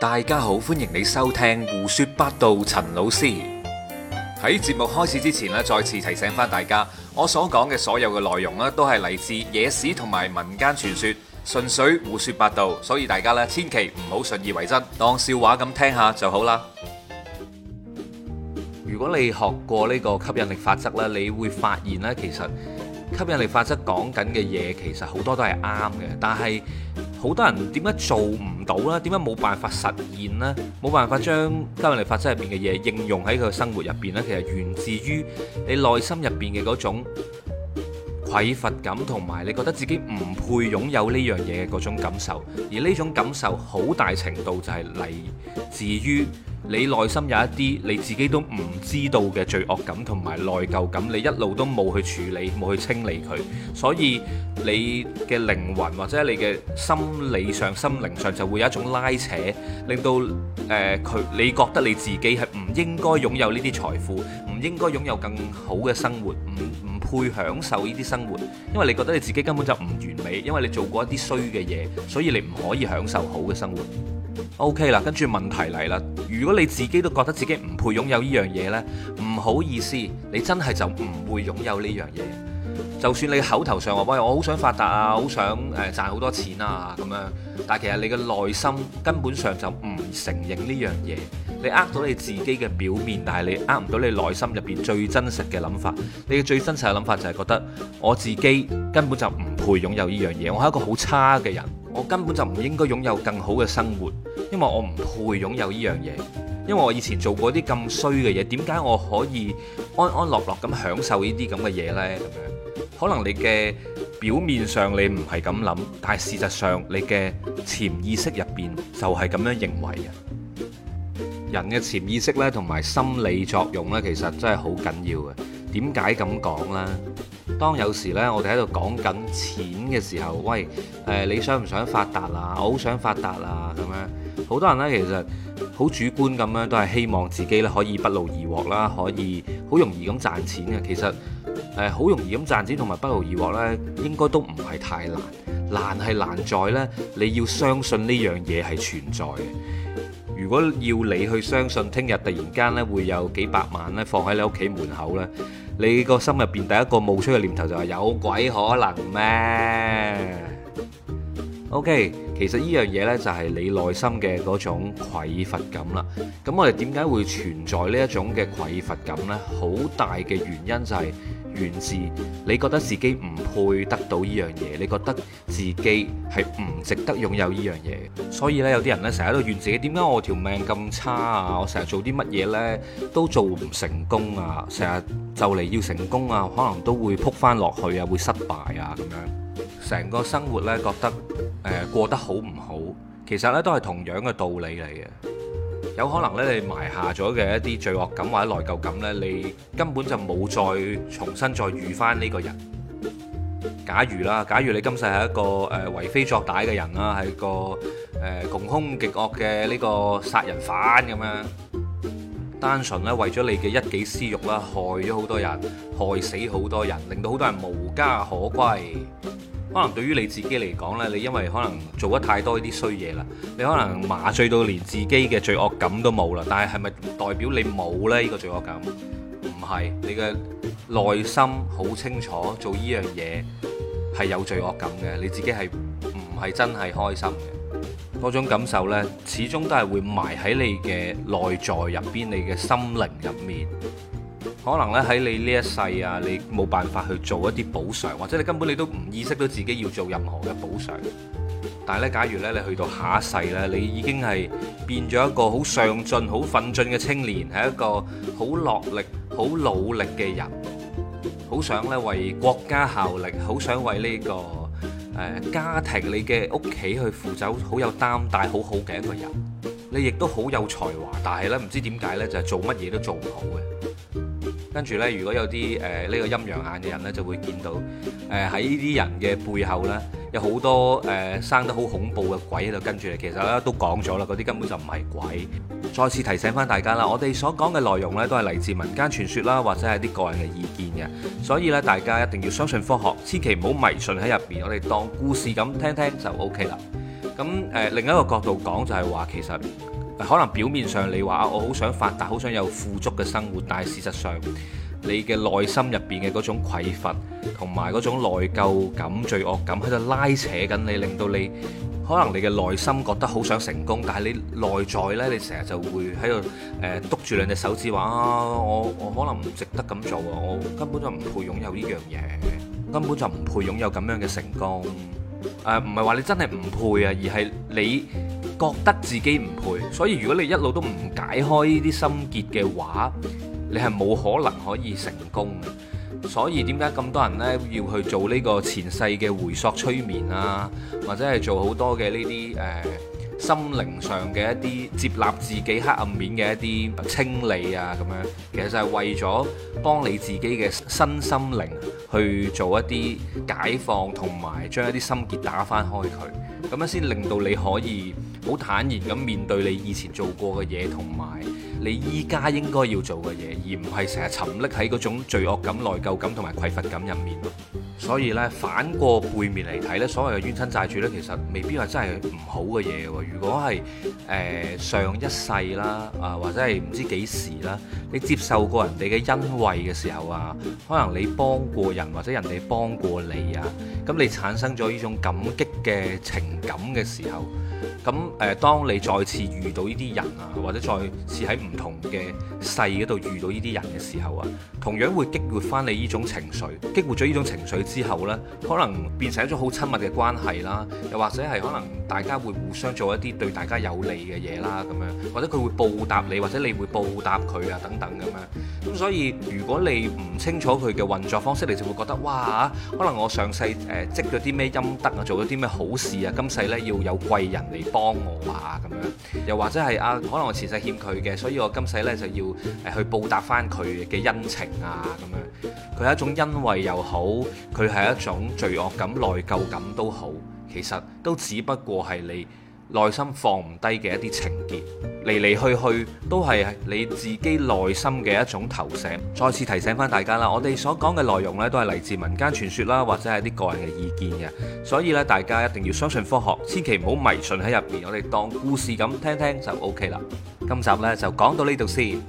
大家好，歡迎你收聽胡說八道。陳老師喺節目開始之前咧，再次提醒翻大家，我所講嘅所有嘅內容咧，都係嚟自野史同埋民間傳說，純粹胡說八道，所以大家咧千祈唔好信以為真，當笑話咁聽下就好啦。如果你學過呢個吸引力法則咧，你會發現咧，其實吸引力法則講緊嘅嘢，其實好多都係啱嘅，但係好多人點解做唔到啦，點解冇辦法實現咧？冇辦法將家庭教育法則入邊嘅嘢應用喺佢嘅生活入邊咧？其實源自於你內心入邊嘅嗰種匱乏感，同埋你覺得自己唔配擁有呢樣嘢嘅嗰種感受，而呢種感受好大程度就係嚟自於，你內心有一啲你自己都唔知道嘅罪惡感同埋內疚感，你一路都冇去處理，冇去清理佢，所以你嘅靈魂或者你嘅心理上、心靈上就會有一種拉扯，令到誒佢、呃、你覺得你自己係唔應該擁有呢啲財富，唔應該擁有更好嘅生活，唔唔配享受呢啲生活，因為你覺得你自己根本就唔完美，因為你做過一啲衰嘅嘢，所以你唔可以享受好嘅生活。O K 啦，跟住，okay，問題嚟啦。如果你自己都覺得自己唔配擁有呢樣嘢呢，唔好意思，你真係就唔會擁有呢樣嘢。就算你口頭上話，喂，我好想發達啊，好想誒賺好多錢啊咁樣，但係其實你嘅內心根本上就唔承認呢樣嘢。你呃到你自己嘅表面，但係你呃唔到你內心入邊最真實嘅諗法。你嘅最真實嘅諗法就係覺得我自己根本就唔配擁有呢樣嘢，我係一個好差嘅人。我根本就唔應該擁有更好嘅生活，因為我唔配擁有呢樣嘢。因為我以前做過啲咁衰嘅嘢，點解我可以安安樂樂咁享受呢啲咁嘅嘢呢？咁樣可能你嘅表面上你唔係咁諗，但係事實上你嘅潛意識入邊就係咁樣認為嘅。人嘅潛意識咧，同埋心理作用咧，其實真係好緊要嘅。點解咁講呢？當有時呢，我哋喺度講緊錢嘅時候，喂，誒，你想唔想發達啊？我好想發達啊，咁樣好多人呢，其實好主觀咁樣，都係希望自己呢可以不勞而獲啦，可以好容易咁賺錢嘅。其實誒好容易咁賺錢同埋不勞而獲呢，應該都唔係太難。難係難在呢，你要相信呢樣嘢係存在嘅。如果要你去相信，聽日突然間呢，會有幾百萬呢，放喺你屋企門口呢。你個心入面第一個冒出嘅念頭就係：「有鬼可能咩？」O.K. 其實呢樣嘢呢，就係你內心嘅嗰種匱乏感啦。咁我哋點解會存在呢一種嘅匱乏感呢？好大嘅原因就係、是、源自你覺得自己唔配得到呢樣嘢，你覺得自己係唔值得擁有呢樣嘢。所以咧，有啲人呢，成日喺度怨自己，點解我條命咁差啊？我成日做啲乜嘢呢？都做唔成功啊！成日就嚟要成功啊，可能都會撲返落去啊，會失敗啊咁樣。成個生活咧，覺得誒、呃、過得好唔好，其實咧都係同樣嘅道理嚟嘅。有可能咧，你埋下咗嘅一啲罪惡感或者內疚感咧，你根本就冇再重新再遇翻呢個人。假如啦，假如你今世係一個誒、為、呃、非作歹嘅人啦，係個誒、窮、呃、凶極惡嘅呢個殺人犯咁樣。單純咧，為咗你嘅一己私欲啦，害咗好多人，害死好多人，令到好多人無家可歸。可能對於你自己嚟講咧，你因為可能做得太多啲衰嘢啦，你可能麻醉到連自己嘅罪惡感都冇啦。但係係咪代表你冇咧？呢個罪惡感唔係，你嘅內心好清楚，做呢樣嘢係有罪惡感嘅。你自己係唔係真係開心？嗰種感受呢，始終都係會埋喺你嘅內在入邊，你嘅心靈入面。可能咧喺你呢一世啊，你冇辦法去做一啲補償，或者你根本你都唔意識到自己要做任何嘅補償。但係咧，假如咧你去到下一世咧，你已經係變咗一個好上進、好奮進嘅青年，係一個好落力、好努力嘅人，好想咧為國家效力，好想為呢個。誒家庭，你嘅屋企去扶走，好有擔帶，好好嘅一個人，你亦都好有才華，但係咧唔知點解咧就係、是、做乜嘢都做唔好嘅。跟住咧，如果有啲誒呢個陰陽眼嘅人咧，就會見到誒喺呢啲人嘅背後咧，有好多誒、呃、生得好恐怖嘅鬼喺度跟住你。其實咧都講咗啦，嗰啲根本就唔係鬼。再次提醒翻大家啦，我哋所講嘅內容呢，都係嚟自民間傳說啦，或者係啲個人嘅意見嘅，所以咧大家一定要相信科學，千祈唔好迷信喺入邊。我哋當故事咁聽聽就 OK 啦。咁誒、呃、另一個角度講就係話，其實、呃、可能表面上你話我好想發達，好想有富足嘅生活，但係事實上你嘅內心入邊嘅嗰種匱乏同埋嗰種內疚感、罪惡感喺度拉扯緊你，令到你。可能你嘅內心覺得好想成功，但係你內在呢，你成日就會喺度誒篤住兩隻手指話啊，我我可能唔值得咁做啊，我根本就唔配擁有呢樣嘢，根本就唔配擁有咁樣嘅成功。誒、呃，唔係話你真係唔配啊，而係你覺得自己唔配。所以如果你一路都唔解開呢啲心結嘅話，你係冇可能可以成功嘅。所以點解咁多人呢？要去做呢個前世嘅回溯催眠啊，或者係做好多嘅呢啲誒心靈上嘅一啲接納自己黑暗面嘅一啲清理啊咁樣，其實就係為咗幫你自己嘅新心靈去做一啲解放，同埋將一啲心結打翻開佢，咁樣先令到你可以好坦然咁面對你以前做過嘅嘢同埋。你依家應該要做嘅嘢，而唔係成日沉溺喺嗰種罪惡感、內疚感同埋匱乏感入面。所以咧，反過背面嚟睇呢，所謂嘅冤親債主呢，其實未必係真係唔好嘅嘢。如果係誒、呃、上一世啦，啊或者係唔知幾時啦，你接受過人哋嘅恩惠嘅時候啊，可能你幫過人或者人哋幫過你啊，咁你產生咗呢種感激嘅情感嘅時候，咁、啊、誒當你再次遇到呢啲人啊，或者再次喺唔同嘅世度遇到呢啲人嘅時候啊，同樣會激活翻你呢種情緒，激活咗呢種情緒。之後呢，可能變成一種好親密嘅關係啦，又或者係可能大家會互相做一啲對大家有利嘅嘢啦，咁樣或者佢會報答你，或者你會報答佢啊等等咁樣。咁、嗯、所以如果你唔清楚佢嘅運作方式，你就會覺得哇，可能我上世誒、呃、積咗啲咩陰德啊，做咗啲咩好事啊，今世呢要有貴人嚟幫我啊咁樣。又或者係啊，可能我前世欠佢嘅，所以我今世呢就要誒、呃、去報答返佢嘅恩情啊咁樣。佢係一種恩惠又好。佢係一種罪惡感、內疚感都好，其實都只不過係你內心放唔低嘅一啲情結，嚟嚟去去都係你自己內心嘅一種投射。再次提醒翻大家啦，我哋所講嘅內容呢都係嚟自民間傳說啦，或者係啲個人嘅意見嘅，所以咧大家一定要相信科學，千祈唔好迷信喺入邊，我哋當故事咁聽聽就 OK 啦。今集呢就講到呢度先，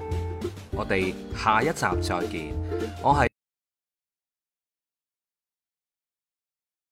我哋下一集再見，我係。